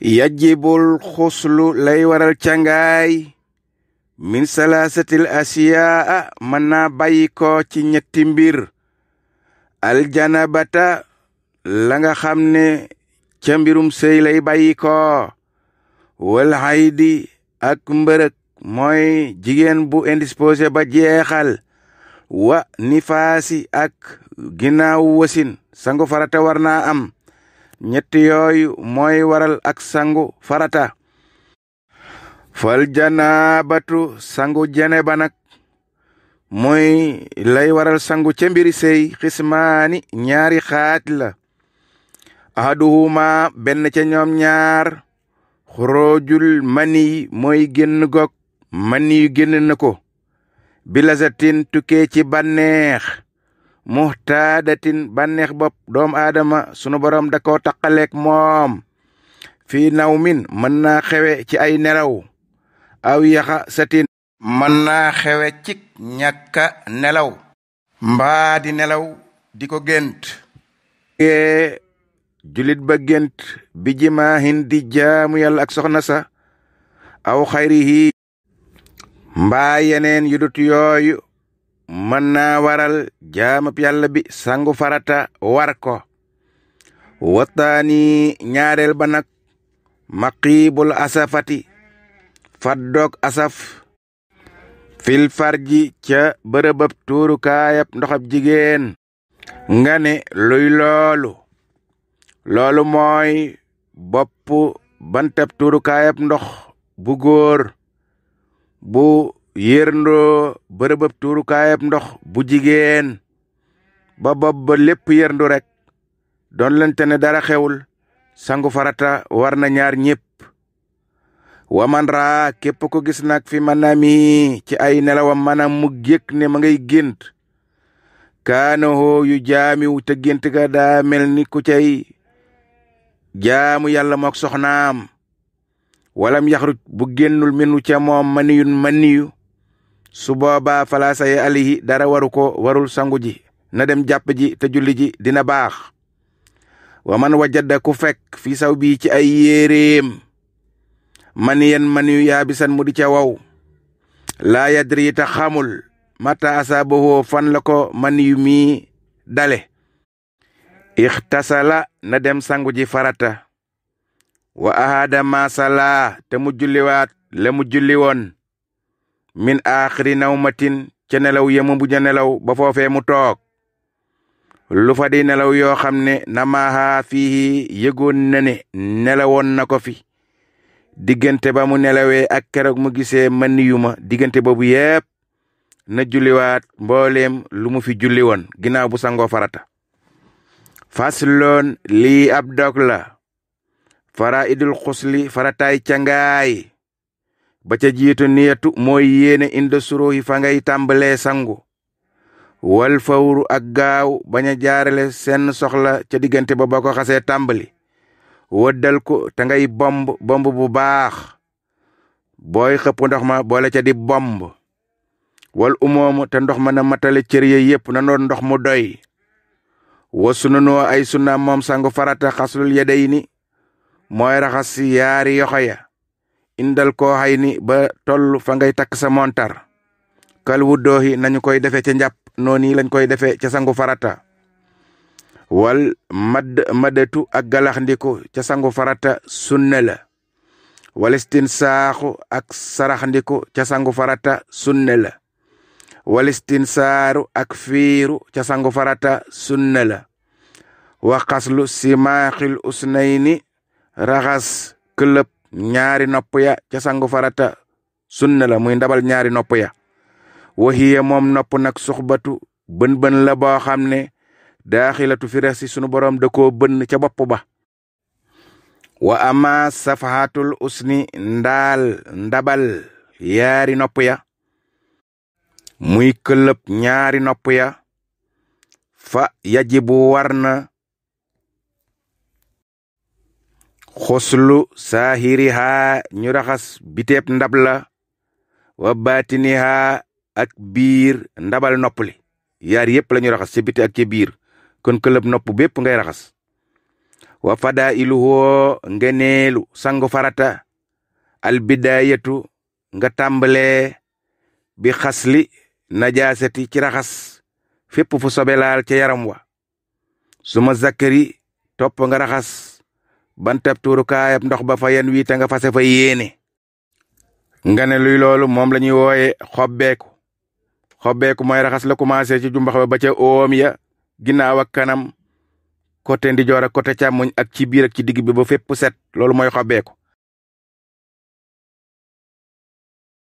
yajibul xuslu lay waral càngaay min salaasatil asiyaa mën naa bàyyi ko ci ñetti mbir aljanabata la nga xam ne ca mbirum sëy lay bàyyi ko wal haydi ak mbërëg mooy jigéen bu indispose ba jeexal wa nifaasi ak ginnaaw wasin sangu farata war na am ñett yooyu waral ak sangu farata fal janaabatu sangu jene ba nag lay waral sangu ca mbiri sey xismaani ñaari xaaj la ahaduhuma benn ca ñoom ñaar xoroojul mani mooy génn gog mani yu génn na ko bilazatin ci bànneex muxtaadatin banneex bopp doom aadama sunu borom da koo taqaleek moom fii naw min mën naa xewe ci ay nelaw aw yaxa satin mën naa xewe ci ñàkka nelaw mbaadi nelaw di ko gént julit ba gént bi jimaahin di jaamu yàlla ak soxna sa aw xayrihi mbaa yeneen yu yooyu mën na waral jaamab yàlla bi sangu farata war ko wataani ñaareel ba nag maqiibul asafati faddoog asaf fil farji ca bërëbëb tuurukaayab ndoxab jigéen nga ne luy loolu loolu mooy bopp bantab tuurukaayab ndox bu góor bu yërndoo bërëbëb tuurukaayab ndox bu jigéen ba bopp ba lépp yërndu rekk doon lente ne dara xewul sangu farata war na ñaar ñépp waman raa képp ko gis nag fi mi ci ay nelawam maanaam mu yëg ne ma ngay gént kaanahoo yu jaamiw te gént ga daa mel ni ku cay jaamu yàlla mook soxnaam walam yaxruj bu génnul minu ca moom maniyun maniyu su boobaa falaa alihi dara waru warul sangu ji na dem jàpp ji te julli ji dina baax wa man wajada ku fekk fi saw bii ci ay yéeréem man yen man yu yaabisan mu di ca waw laa yadri ta xamul mata asaabahu fan la ko man yu mii dale ixtasala na dem sangu ji farata wa ahada masala te mu julliwaat la mu julli woon min aaxiri nawmatin ca nelaw ya mu mujj nelaw ba foofee mu toog lu fa nelaw yoo xam ne namaaha fii yëgoon na ne nelawoon na ko fi diggante ba mu nelawee ak keroog mu gisee man yu ma diggante boobu yépp na julliwaat mboolem lu mu fi julli woon ginnaaw bu sangoo farata fasloon lii ab dog la fara idul xusli farataay cangaay ba ca jiitu niyatu mooy yéene inda suruhi fa ngay tàmbalee sangu wal fawru ak gaaw bañ a jaarale seen soxla ca diggante ba ba ko xasee tàmbali wëddal ko te ngay bomb bomb bu baax booy xëpp ndox ma boole ca di bomb wal umoomu te ndox ma na matale cër ya yépp na ndox mu doy wa sunanoo ay sunna moom sangu farata xaslul yadayni mooy raxas si yaari yoxo ya indal ko xay ni ba toll fa ngay takk sa montar kal wu dooxi nañu koy defee ca njàpp noonu yi lañ koy defee ca sangu farata wal madd maddatu ak galaxndiku ca sangu farata sunna la walistin saaxu ak saraxndiku ca sangu farata sunna la walistin saaru ak fiiru ca sangu farata sunna la waxaslu simaaxil usnayni raxas këlëb ñaari nopp ya ca sangu farata sunna la muy ndabal ñaari nopp ya waxiya moom nopp nag suxbatu bën bën la boo xam ne daaxilatu fira si sunu borom da koo bënn ca bopp ba wa ama safaatul usni ndaal ndabal yaari nopp ya muy këlëb ñaari nopp ya fa yajibu war na xoslu saahirihaa ñu raxas biteeb ndab la wa baatinihaa ak biir ndabal nopp li yar yépp la ñu raxas ci biti ak ci biir kon këlëb nopp bépp ngay raxas wa fadaa iluhoo ngeneelu sangu farata albidaayatu nga tàmbalee bi xasli najaasati ci raxas fépp fu laal ci yaram wa suma zakkari topp nga raxas bantab tuurukaayab ndox ba fa yan wiite nga fase fa yéene nga ne luy loolu moom la ñuy wooye xobbeeku xobeeku mooy raxas la commencé ci jumbax ba ba ca oom ya ginnaaw ak kanam côté ndijoor ak côté càmmoñ ak ci biir ak ci digg bi ba fépp set loolu mooy xobbeeku